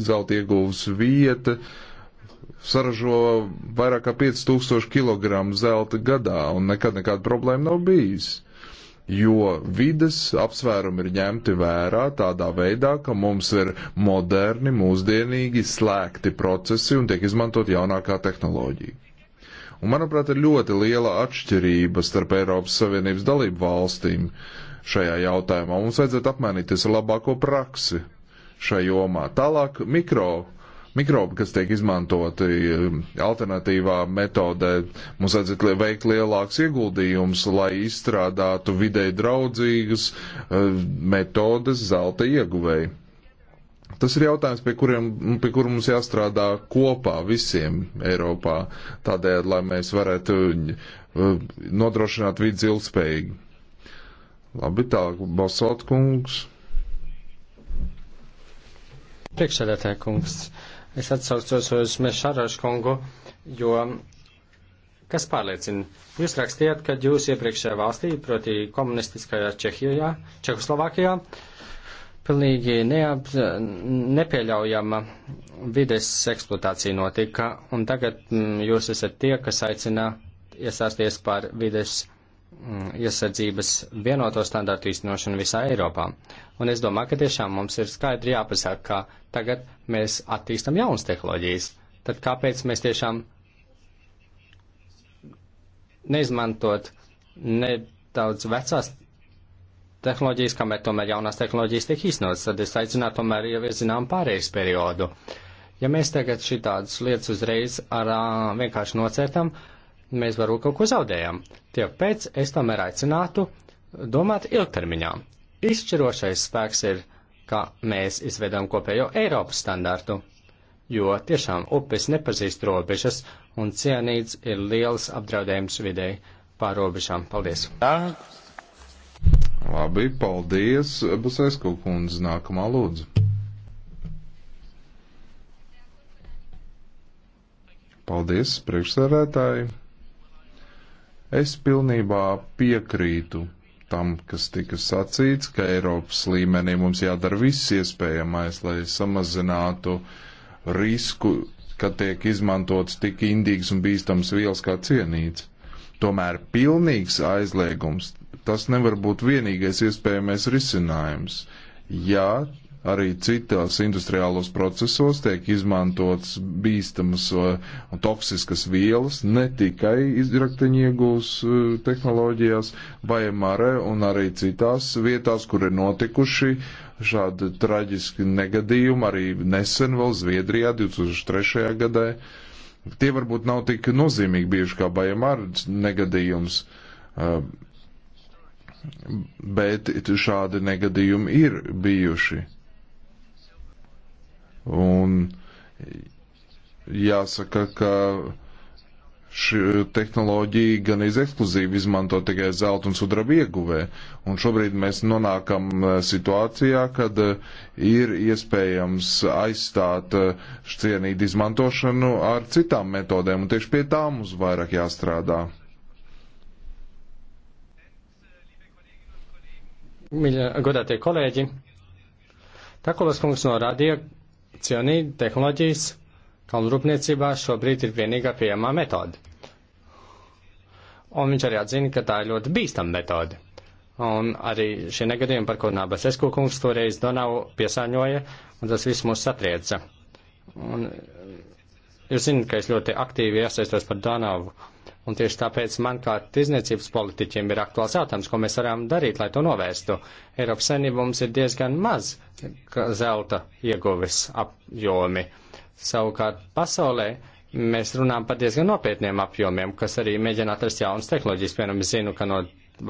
zelta ieguvusi vieta, uh, saražo vairāk kā 5000 kg zelta gadā, un nekad nekāda problēma nav bijusi. Jo vides apsvērumi ir ņemti vērā tādā veidā, ka mums ir moderni, mūsdienīgi slēgti procesi un tiek izmantot jaunākā tehnoloģija. Un, manuprāt, ir ļoti liela atšķirība starp Eiropas Savienības dalību valstīm šajā jautājumā. Mums vajadzētu apmainīties ar labāko praksi šajā jomā. Tālāk mikro mikrobi, kas tiek izmantoti eh, alternatīvā metodē. Mums vajadzētu veikt lielāks ieguldījums, lai izstrādātu videi draudzīgas eh, metodes zelta ieguvēji. Tas ir jautājums, pie, kuriem, pie kura mums jāstrādā kopā visiem Eiropā, tādēļ, lai mēs varētu eh, nodrošināt vidi ilgspējīgi. Labi, tālāk, Balsot kungs. Priekšsēdētāja kungs. Uh, Es atsaucos uz Mešarašu kungu, jo kas pārliecina? Jūs rakstījāt, ka jūs iepriekšējā valstī, proti komunistiskajā Čehijā, Čehoslovākijā, pilnīgi neap, nepieļaujama vides eksploatācija notika, un tagad m, mm, jūs esat tie, kas aicina iesāsties par vides eksploatāciju Mm, iesardzības vienoto standartu īstenošanu visā Eiropā. Un es domāju, ka tiešām mums ir skaidri jāpasaka, ka tagad mēs attīstam jaunas tehnoloģijas. Tad kāpēc mēs tiešām neizmantot nedaudz vecās tehnoloģijas, kamēr tomēr jaunās tehnoloģijas tiek īstenotas, tad es aicinātu tomēr ieviezinām pārējais periodu. Ja mēs tagad šitādus lietas uzreiz ar, vienkārši nocertam, mēs varbūt kaut ko zaudējam. Tāpēc es tomēr aicinātu domāt ilgtermiņā. Izšķirošais spēks ir, ka mēs izveidām kopējo Eiropas standārtu, jo tiešām upes nepazīst robežas un cienīts ir liels apdraudējums videi pār robežām. Paldies! Labi, paldies, Basaisko kundze, nākamā lūdzu. Paldies, priekšsēdētāji! Es pilnībā piekrītu tam, kas tika sacīts, ka Eiropas līmenī mums jādara viss iespējamais, lai samazinātu risku, ka tiek izmantots tik indīgs un bīstams vielas kā cienīts. Tomēr pilnīgs aizliegums tas nevar būt vienīgais iespējamais risinājums. Ja arī citos industriālos procesos tiek izmantotas bīstamas uh, un toksiskas vielas, ne tikai izrakteņiegūs uh, tehnoloģijās, vai MRE un arī citās vietās, kur ir notikuši šādi traģiski negadījumi, arī nesen vēl Zviedrijā 2003. gadā. Tie varbūt nav tik nozīmīgi bieži kā BMR e negadījums. Uh, bet šādi negadījumi ir bijuši. Un jāsaka, ka šī tehnoloģija gan ekskluzīvi izmanto tikai zelta un sudraba ieguvē. Un šobrīd mēs nonākam e, situācijā, kad e, ir iespējams aizstāt e, cienīt izmantošanu ar citām metodēm, un tieši pie tām mums vairāk jāstrādā. Godātie kolēģi, Takulas kungs norādīja, Cianīda tehnoloģijas kalnrūpniecībā šobrīd ir vienīgā pieejamā metode. Un viņš arī atzina, ka tā ir ļoti bīstama metode. Un arī šie negadījumi, par ko Nābas Eskukungs toreiz Donavu piesāņoja, un tas viss mūs satrieca. Un eh, jūs zināt, ka es ļoti aktīvi iesaistos par Donavu. Uh, Un tieši tāpēc man kā tirzniecības politiķiem ir aktuāls jautājums, ko mēs varam darīt, lai to novērstu. Eiropas saimnība mums ir diezgan maz zelta ieguves apjomi. Savukārt pasaulē mēs runājam par diezgan nopietniem apjomiem, kas arī mēģina atrast jaunas tehnoloģijas. Piemēram, es zinu, ka no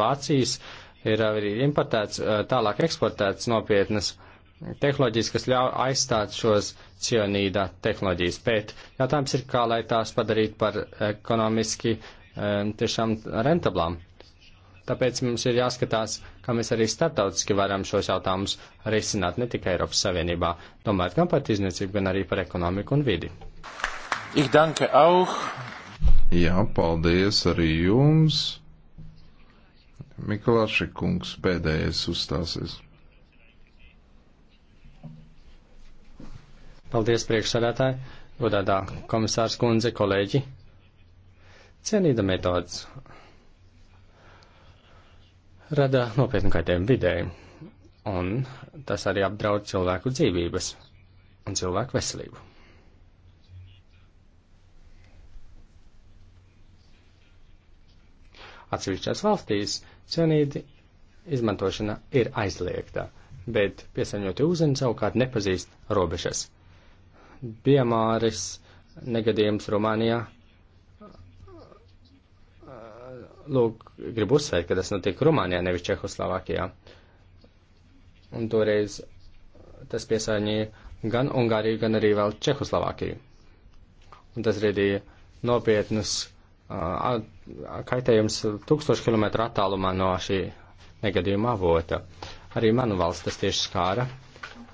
Vācijas ir arī importēts, tālāk eksportēts nopietnas uh, tehnoloģijas, kas ļauj aizstāt šos cionīda tehnoloģijas. Bet jautājums ir, kā lai tās padarīt par ekonomiski eh, tiešām rentablām. Tāpēc mums ir jāskatās, kā mēs arī starptautiski varam šos jautājumus risināt ne tikai Eiropas Savienībā, domājot gan par izniecību, gan arī par ekonomiku un vidi. Ich danke auch. Jā, paldies arī jums. Mikulāši kungs pēdējais uzstāsies. Paldies priekšsādātāji, godātā komisārs kundze, kolēģi. Cienīda metodas rada nopietnu kaitējumu vidēji, un tas arī apdraud cilvēku dzīvības un cilvēku veselību. Atsevišķās valstīs cianīdi izmantošana ir aizliegta, bet piesaņotie ūzeni savukārt nepazīst robežas piemēris negadījums Rumānijā. Lūk, gribu uzsvērt, ka tas notiek Rumānijā, nevis Čehoslovākijā. Un toreiz tas piesaņīja gan Ungāriju, gan arī vēl Čehoslovākiju. Un tas radīja nopietnus uh, kaitējums tūkstošu kilometru attālumā no šī negadījuma avota. Arī manu valsts tas tieši skāra,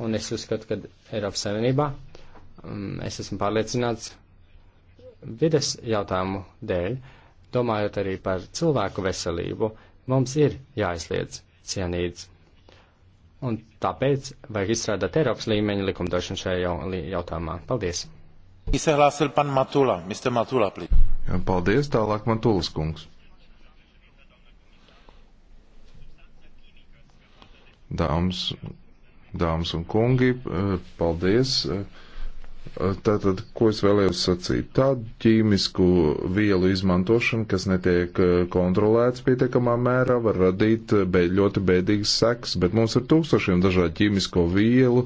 un es uzskatu, ka Eiropas Savienībā Um, es esmu pārliecināts vides jautājumu dēļ, domājot arī par cilvēku veselību, mums ir jāizliedz cienīts. Un tāpēc vajag izstrādāt Eiropas līmeņa likumdošanu šajā jautājumā. Paldies! Izsēlāsil pan Matula, Mr. Matula, please. Jā, paldies, tālāk Matulas kungs. Dāmas, dāmas un kungi, eh, paldies. Eh, Tātad, ko es vēlējos sacīt? Tādu ķīmisku vielu izmantošana, kas netiek eh, kontrolēts pietiekamā mērā, var radīt eh, bēd, ļoti bēdīgas sekas, bet mums ir tūkstošiem dažādu ķīmisko vielu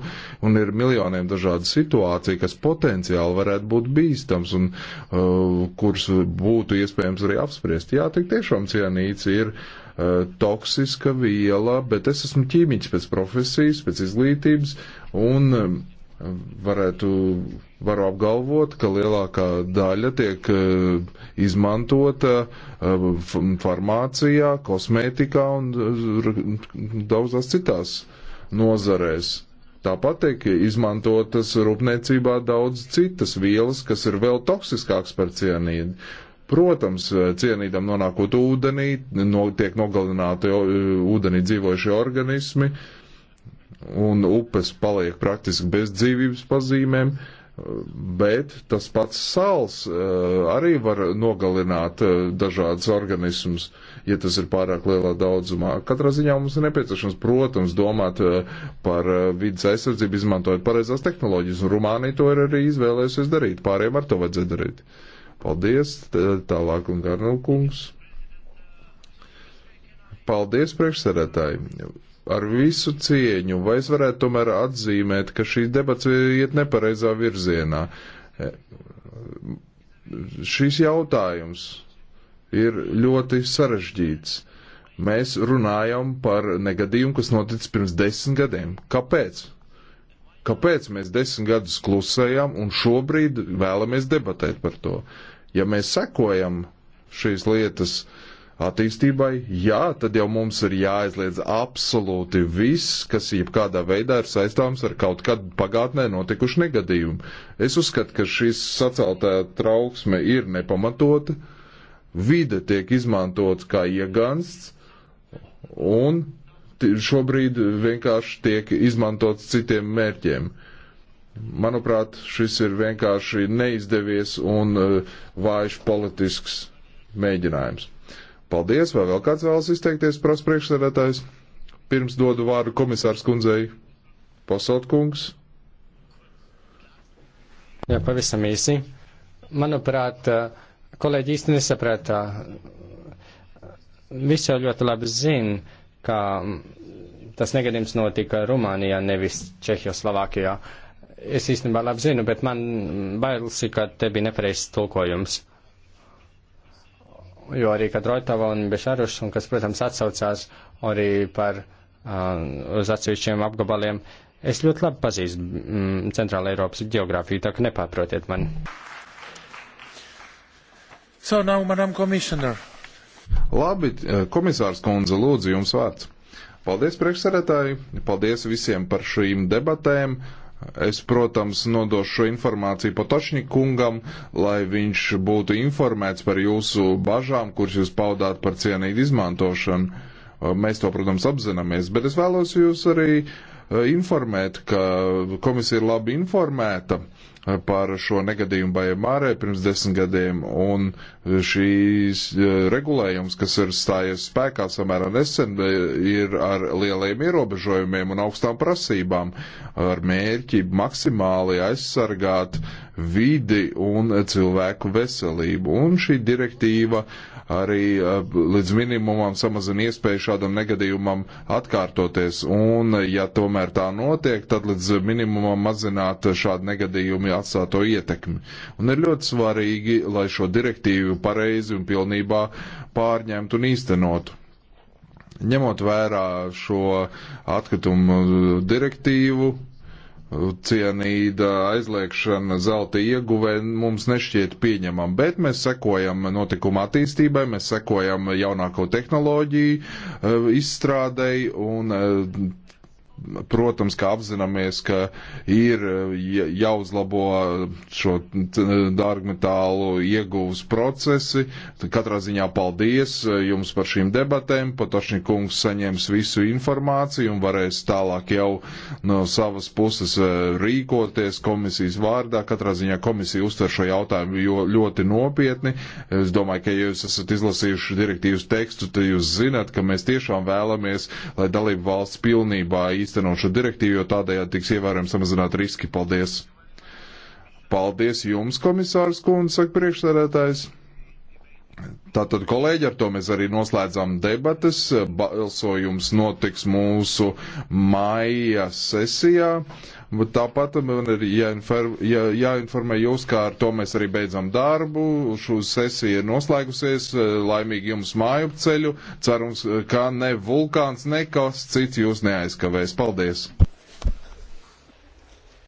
un ir miljoniem dažādu situāciju, kas potenciāli varētu būt bīstams un uh, eh, kuras būtu iespējams arī apspriest. Jā, tik tiešām cianīts ir uh, toksiska viela, bet es esmu ķīmiķis pēc profesijas, pēc izglītības un uh, varētu, varu apgalvot, ka lielākā daļa tiek e, izmantota e, farmācijā, kosmētikā un daudzās citās nozarēs. Tāpat tiek izmantotas rūpniecībā daudz citas vielas, kas ir vēl toksiskākas par cianīdu. Protams, e, cienītam nonākot ūdenī, no, tiek nogalināti ūdenī dzīvojušie organismi, uh, un upes paliek praktiski bez dzīvības pazīmēm, bet tas pats sāls eh, arī var nogalināt eh, dažādas organismus, ja tas ir pārāk lielā daudzumā. Katrā ziņā mums ir nepieciešams, protams, domāt eh, par vidas aizsardzību, izmantojot pareizās tehnoloģijas, un Rumānija to ir arī izvēlējusies darīt, pārējiem ar to vajadzētu darīt. Paldies, tālāk un garnulkungs. Paldies, priekšsēdētāji ar visu cieņu, vai es varētu tomēr atzīmēt, ka šī debats iet nepareizā virzienā. E, šis jautājums ir ļoti sarežģīts. Mēs runājam par negadījumu, kas noticis pirms desmit gadiem. Kāpēc? Kāpēc mēs desmit gadus klusējam un šobrīd vēlamies debatēt par to? Ja mēs sekojam šīs lietas uh, attīstībai, jā, tad jau mums ir jāaizliedz absolūti viss, kas jebkādā veidā ir saistāms ar kaut kad pagātnē notikušu negadījumu. Es uzskatu, ka šis saceltā trauksme ir nepamatota, vide tiek izmantot kā iegansts, un šobrīd vienkārši tiek izmantots citiem mērķiem. Manuprāt, šis ir vienkārši neizdevies un uh, vājš politisks mēģinājums. Paldies, vai vēl kāds vēlas izteikties, prasa priekšsēdētājs? Pirms dodu vārdu komisārs kundzei. Pasaut kungs. Jā, pavisam īsi. Manuprāt, kolēģi īsti nesaprata. Visi jau ļoti labi zina, ka tas negadījums notika Rumānijā, nevis Čehijoslovākijā. Es īstenībā labi zinu, bet man bailes, ka te bija nepareizs tulkojums jo arī, kad Roitava un Bešaruš, un kas, protams, atsaucās arī par, um, uz atsevišķiem apgabaliem, es ļoti labi pazīstu mm, Centrāla Eiropas geogrāfiju, tā ka nepārprotiet mani. So now, Madam Commissioner. Labi, eh, komisārs Konza, lūdzu, jums vārds. Paldies priekšsarētāji, paldies visiem par šīm debatēm. Es, protams, nodošu šo informāciju Potočnikungam, lai viņš būtu informēts par jūsu bažām, kuras jūs paudāt par cienīgu izmantošanu. Uh, mēs to, protams, apzināmies, bet es vēlos jūs arī uh, informēt, ka komisija ir labi informēta par šo negadījumu Bajamārē pirms desmit gadiem, un šīs e, regulējums, kas ir stājies spēkā samērā nesen, e, ir ar lieliem ierobežojumiem un augstām prasībām, ar mērķi maksimāli aizsargāt vidi un cilvēku veselību. Un šī direktīva arī eh, līdz minimumam samazina iespēju šādam negadījumam atkārtoties. Un, ja tomēr tā notiek, tad līdz minimumam mazināt šādu negadījumu atstāto ietekmi. Un ir ļoti svarīgi, lai šo direktīvu pareizi un pilnībā pārņemtu un īstenotu ņemot vērā šo atkritumu direktīvu, cienīta aizliekšana zelta ieguvē mums nešķiet pieņemama, bet mēs sekojam notikuma attīstībai, mēs sekojam jaunāko tehnoloģiju eh, izstrādei un eh, protams, ka apzināmies, ka ir jāuzlabo šo dārgmetālu ieguvus procesi. Katrā ziņā paldies jums par šīm debatēm. Patošņikungs saņems visu informāciju un varēs tālāk jau no savas puses e, rīkoties komisijas vārdā. Katrā ziņā komisija uztver šo jautājumu ļoti nopietni. Es domāju, ka ja jūs esat izlasījuši direktīvas tekstu, tad jūs zinat, ka mēs tiešām vēlamies, lai dalību valsts pilnībā īstenībā īstenot šo direktīvu, jo tādējādi tiks ievērojami samazināt riski. Paldies! Paldies jums, komisārs Kundze, saka priekšsēdētājs! Tātad, kolēģi, ar to mēs arī noslēdzām debatas. Balsojums notiks mūsu maija sesijā. Tāpat man ir jāinformē jūs, kā ar to mēs arī beidzam darbu. Šī sesija ir noslēgusies. Laimīgi jums māju ceļu. Cerams, ka ne vulkāns, nekas cits jūs neaizkavēs. Paldies!